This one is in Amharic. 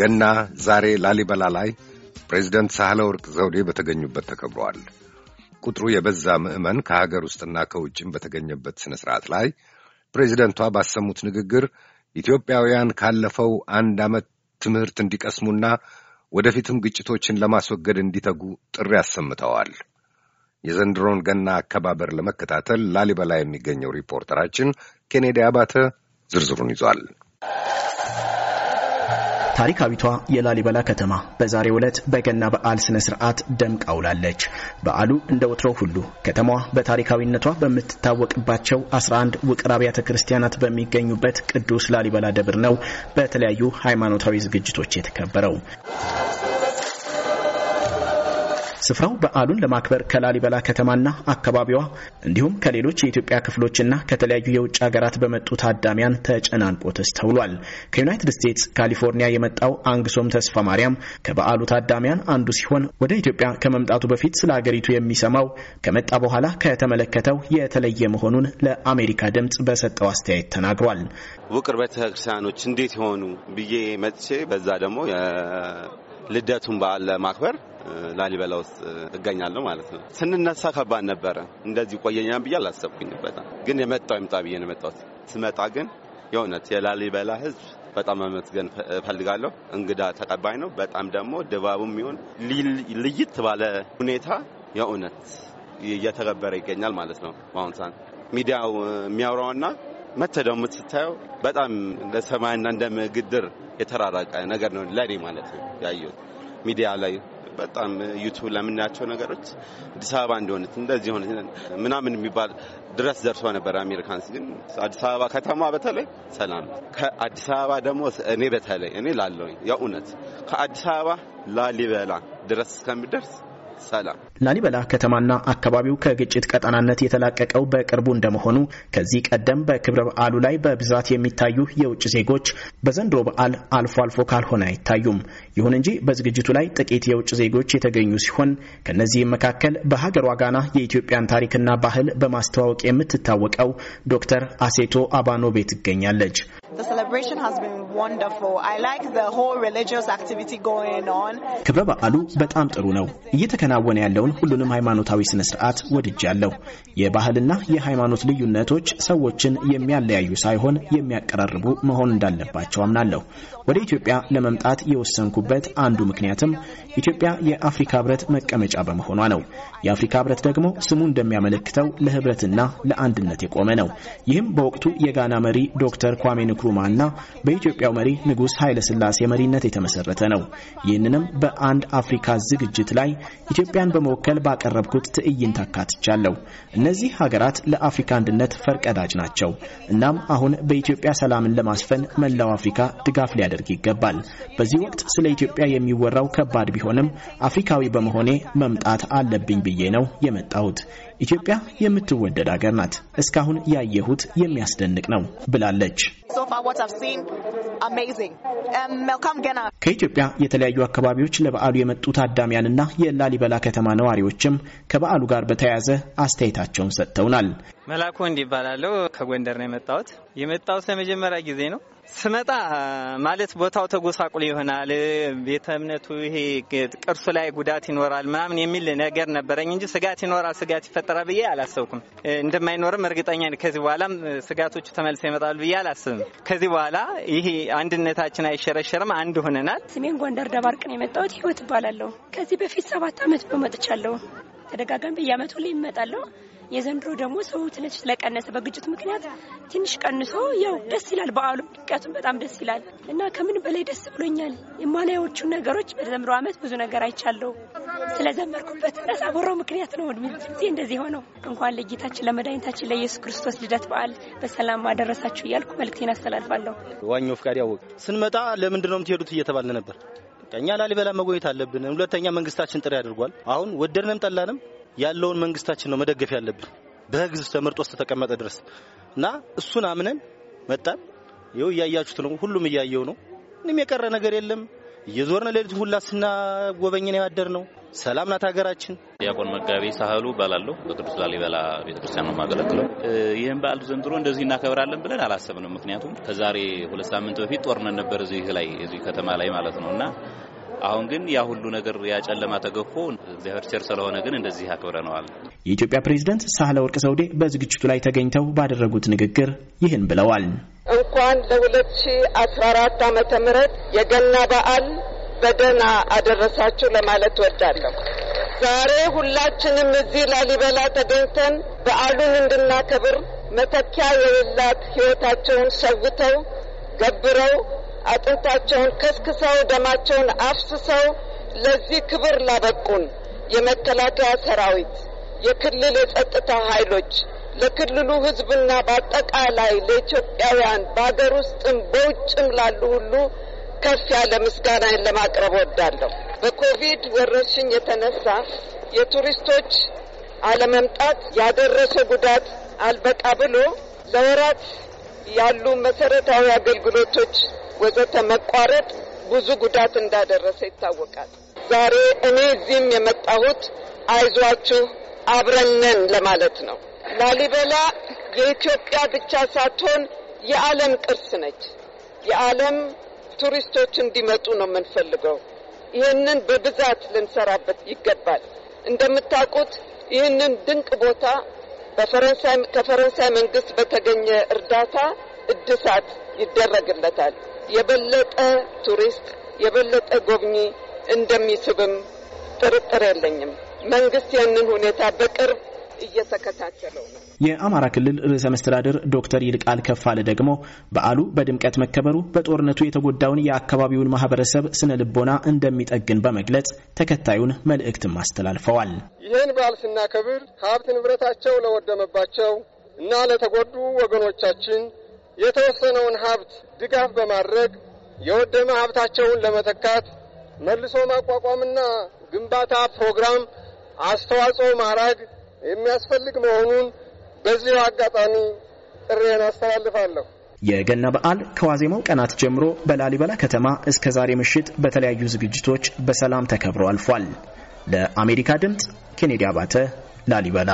ገና ዛሬ ላሊበላ ላይ ፕሬዚደንት ሳህለ ወርቅ ዘውዴ በተገኙበት ተከብሯል። ቁጥሩ የበዛ ምዕመን ከሀገር ውስጥና ከውጭም በተገኘበት ሥነ ሥርዓት ላይ ፕሬዚደንቷ ባሰሙት ንግግር ኢትዮጵያውያን ካለፈው አንድ ዓመት ትምህርት እንዲቀስሙና ወደፊትም ግጭቶችን ለማስወገድ እንዲተጉ ጥሪ አሰምተዋል። የዘንድሮን ገና አከባበር ለመከታተል ላሊበላ የሚገኘው ሪፖርተራችን ኬኔዲ አባተ ዝርዝሩን ይዟል። ታሪካዊቷ የላሊበላ ከተማ በዛሬ ዕለት በገና በዓል ስነ ስርዓት ደምቃ ውላለች። በዓሉ እንደ ወትሮው ሁሉ ከተማዋ በታሪካዊነቷ በምትታወቅባቸው 11 ውቅር አብያተ ክርስቲያናት በሚገኙበት ቅዱስ ላሊበላ ደብር ነው በተለያዩ ሃይማኖታዊ ዝግጅቶች የተከበረው። ስፍራው በዓሉን ለማክበር ከላሊበላ ከተማና አካባቢዋ እንዲሁም ከሌሎች የኢትዮጵያ ክፍሎችና ከተለያዩ የውጭ ሀገራት በመጡ ታዳሚያን ተጨናንቆ ተስተውሏል። ከዩናይትድ ስቴትስ ካሊፎርኒያ የመጣው አንግሶም ተስፋ ማርያም ከበዓሉ ታዳሚያን አንዱ ሲሆን ወደ ኢትዮጵያ ከመምጣቱ በፊት ስለ ሀገሪቱ የሚሰማው ከመጣ በኋላ ከተመለከተው የተለየ መሆኑን ለአሜሪካ ድምፅ በሰጠው አስተያየት ተናግሯል። ውቅር ቤተክርስቲያኖች እንዴት የሆኑ ብዬ መጥቼ በዛ ደግሞ ልደቱን በዓል ለማክበር ላሊበላ ውስጥ እገኛለሁ ማለት ነው። ስንነሳ ከባድ ነበረ። እንደዚህ ቆየኛም ብዬ አላሰብኩኝ። በጣም ግን የመጣው ይምጣ ብዬ ነው የመጣሁት። ስመጣ ግን የእውነት የላሊበላ ህዝብ በጣም መመስገን እፈልጋለሁ። እንግዳ ተቀባይ ነው። በጣም ደግሞ ድባቡም ይሁን ልይት ባለ ሁኔታ የእውነት እየተገበረ ይገኛል ማለት ነው። በአሁን ሰዓት ሚዲያው የሚያወራውና መተህ ደግሞ ስታየው በጣም ለሰማይና እንደምግድር እንደ የተራራቀ ነገር ነው ለኔ ማለት ነው ያየሁት ሚዲያ ላይ በጣም ዩቱብ ለምናያቸው ነገሮች አዲስ አበባ እንደሆነት እንደዚህ ሆነ ምናምን የሚባል ድረስ ደርሶ ነበር። አሜሪካንስ ግን አዲስ አበባ ከተማ በተለይ ሰላም ከአዲስ አበባ ደግሞ እኔ በተለይ እኔ ላለሁኝ የእውነት ከአዲስ አበባ ላሊበላ ድረስ እስከሚደርስ ሰላም። ላሊበላ ከተማና አካባቢው ከግጭት ቀጠናነት የተላቀቀው በቅርቡ እንደመሆኑ ከዚህ ቀደም በክብረ በዓሉ ላይ በብዛት የሚታዩ የውጭ ዜጎች በዘንድሮ በዓል አልፎ አልፎ ካልሆነ አይታዩም። ይሁን እንጂ በዝግጅቱ ላይ ጥቂት የውጭ ዜጎች የተገኙ ሲሆን ከእነዚህም መካከል በሀገሯ ጋና የኢትዮጵያን ታሪክና ባህል በማስተዋወቅ የምትታወቀው ዶክተር አሴቶ አባኖቤ ትገኛለች። ክብረ በዓሉ በጣም ጥሩ ነው። እየተከናወነ ያለውን ሁሉንም ሃይማኖታዊ ስነ ስርዓት ወድጃለሁ። የባህልና የሃይማኖት ልዩነቶች ሰዎችን የሚያለያዩ ሳይሆን የሚያቀራርቡ መሆን እንዳለባቸው አምናለሁ። ወደ ኢትዮጵያ ለመምጣት የወሰንኩበት አንዱ ምክንያትም ኢትዮጵያ የአፍሪካ ህብረት መቀመጫ በመሆኗ ነው። የአፍሪካ ህብረት ደግሞ ስሙ እንደሚያመለክተው ለህብረትና ለአንድነት የቆመ ነው። ይህም በወቅቱ የጋና መሪ ዶክተር ኳሜ ንክሩማና በኢትዮጵያው መሪ ንጉሥ ሥላሴ መሪነት የተመሰረተ ነው። ይህንንም በአንድ አፍሪካ ዝግጅት ላይ ኢትዮጵያን በመወከል ባቀረብኩት ትዕይንት አካትቻለሁ። እነዚህ ሀገራት ለአፍሪካ አንድነት ፈርቀዳጅ ናቸው። እናም አሁን በኢትዮጵያ ሰላምን ለማስፈን መላው አፍሪካ ድጋፍ ሊያደርግ ይገባል። በዚህ ወቅት ስለ ኢትዮጵያ የሚወራው ከባድ ቢሆንም አፍሪካዊ በመሆኔ መምጣት አለብኝ ብዬ ነው የመጣሁት። ኢትዮጵያ የምትወደድ ሀገር ናት፣ እስካሁን ያየሁት የሚያስደንቅ ነው ብላለች። um, ከኢትዮጵያ የተለያዩ አካባቢዎች ለበዓሉ የመጡ ታዳሚያንና የላሊበላ ከተማ ነዋሪዎችም ከበዓሉ ጋር በተያያዘ አስተያየታቸውን ሰጥተውናል። መላኩ እንዲባላለው ከጎንደር ነው የመጣሁት። የመጣሁት ለመጀመሪያ ጊዜ ነው። ስመጣ ማለት ቦታው ተጎሳቁል ይሆናል፣ ቤተ እምነቱ ይሄ ቅርሱ ላይ ጉዳት ይኖራል ምናምን የሚል ነገር ነበረኝ እንጂ ስጋት ይኖራል ስጋት ይፈጠራል ብዬ አላሰብኩም። እንደማይኖርም እርግጠኛ ከዚህ በኋላም ስጋቶቹ ተመልሰው ይመጣሉ ብዬ አላስብም። ከዚህ በኋላ ይሄ አንድነታችን አይሸረሸርም፣ አንድ ሆነናል። ስሜን ጎንደር ደባርቅ ነው የመጣሁት። ህይወት እባላለሁ። ከዚህ በፊት ሰባት አመት በመጥቻለሁ። ተደጋጋሚ በየአመቱ ላይ ይመጣለሁ። የዘንድሮ ደግሞ ሰው ትንሽ ስለቀነሰ በግጭት ምክንያት ትንሽ ቀንሶ ያው ደስ ይላል። በዓሉ ድቀቱም በጣም ደስ ይላል እና ከምን በላይ ደስ ብሎኛል። የማናዮቹ ነገሮች በዘንድሮ ዓመት ብዙ ነገር አይቻለሁ። ስለዘመርኩበት ለሳቦሮ ምክንያት ነው ጊዜ እንደዚህ ሆነው። እንኳን ለጌታችን ለመድኃኒታችን ለኢየሱስ ክርስቶስ ልደት በዓል በሰላም አደረሳችሁ እያልኩ መልክቴን አስተላልፋለሁ። ዋኛው ፍቃድ ያወቅ ስንመጣ ለምንድን ነው የምትሄዱት እየተባለ ነበር። እኛ ላሊበላ መጎኘት አለብን። ሁለተኛ መንግስታችን ጥሪ አድርጓል። አሁን ወደድንም ጠላንም ያለውን መንግስታችን ነው መደገፍ ያለብን በህዝብ ተመርጦ ተቀመጠ ድረስ እና እሱን አምነን መጣን። ይኸው እያያችሁት ነው። ሁሉም እያየው ነው። ምንም የቀረ ነገር የለም። እየዞርን ሌሊት ሁላ ነው ያደር ነው። ሰላም ናት ሀገራችን። ዲያቆን መጋቤ ሳህሉ እባላለሁ። በቅዱስ ላሊበላ ቤተክርስቲያን ነው የማገለግለው። ይህን በዓል ዘንድሮ እንደዚህ እናከብራለን ብለን አላሰብንም። ምክንያቱም ከዛሬ ሁለት ሳምንት በፊት ጦርነት ነበር እዚህ ላይ እዚህ ከተማ ላይ ማለት ነው እና አሁን ግን ያ ሁሉ ነገር ያጨለማ ተገፎ እግዚአብሔር ቸር ስለሆነ ግን እንደዚህ አክብረነዋል። የኢትዮጵያ ፕሬዝደንት ሳህለ ወርቅ ዘውዴ በዝግጅቱ ላይ ተገኝተው ባደረጉት ንግግር ይህን ብለዋል። እንኳን ለ2014 አስራ ዓመተ ምህረት የገና በዓል በደህና አደረሳችሁ ለማለት ወዳለሁ። ዛሬ ሁላችንም እዚህ ላሊበላ ተገኝተን በዓሉን እንድናከብር መተኪያ የሌላት ሕይወታቸውን ሰውተው ገብረው አጥንታቸውን ከስክሰው ደማቸውን አፍስሰው ለዚህ ክብር ላበቁን የመከላከያ ሰራዊት፣ የክልል የጸጥታ ኃይሎች፣ ለክልሉ ሕዝብና በአጠቃላይ ለኢትዮጵያውያን በሀገር ውስጥም በውጭም ላሉ ሁሉ ከፍ ያለ ምስጋናን ለማቅረብ ወዳለሁ። በኮቪድ ወረርሽኝ የተነሳ የቱሪስቶች አለመምጣት ያደረሰ ጉዳት አልበቃ ብሎ ለወራት ያሉ መሰረታዊ አገልግሎቶች ወዘተ መቋረጥ ብዙ ጉዳት እንዳደረሰ ይታወቃል። ዛሬ እኔ እዚህም የመጣሁት አይዟችሁ አብረነን ለማለት ነው። ላሊበላ የኢትዮጵያ ብቻ ሳትሆን የዓለም ቅርስ ነች። የዓለም ቱሪስቶች እንዲመጡ ነው የምንፈልገው። ይህንን በብዛት ልንሰራበት ይገባል። እንደምታውቁት ይህንን ድንቅ ቦታ በፈረንሳይ ከፈረንሳይ መንግስት በተገኘ እርዳታ እድሳት ይደረግለታል። የበለጠ ቱሪስት የበለጠ ጎብኚ እንደሚስብም ጥርጥር የለኝም። መንግስት ያንን ሁኔታ በቅርብ እየተከታተለው ነው። የአማራ ክልል ርዕሰ መስተዳድር ዶክተር ይልቃል ከፋለ ደግሞ በዓሉ በድምቀት መከበሩ በጦርነቱ የተጎዳውን የአካባቢውን ማህበረሰብ ስነ ልቦና እንደሚጠግን በመግለጽ ተከታዩን መልእክትም አስተላልፈዋል። ይህን በዓል ስናከብር ከሀብት ንብረታቸው ለወደመባቸው እና ለተጎዱ ወገኖቻችን የተወሰነውን ሀብት ድጋፍ በማድረግ የወደመ ሀብታቸውን ለመተካት መልሶ ማቋቋምና ግንባታ ፕሮግራም አስተዋጽኦ ማድረግ የሚያስፈልግ መሆኑን በዚሁ አጋጣሚ ጥሬን አስተላልፋለሁ። የገና በዓል ከዋዜማው ቀናት ጀምሮ በላሊበላ ከተማ እስከ ዛሬ ምሽት በተለያዩ ዝግጅቶች በሰላም ተከብሮ አልፏል። ለአሜሪካ ድምፅ ኬኔዲ አባተ ላሊበላ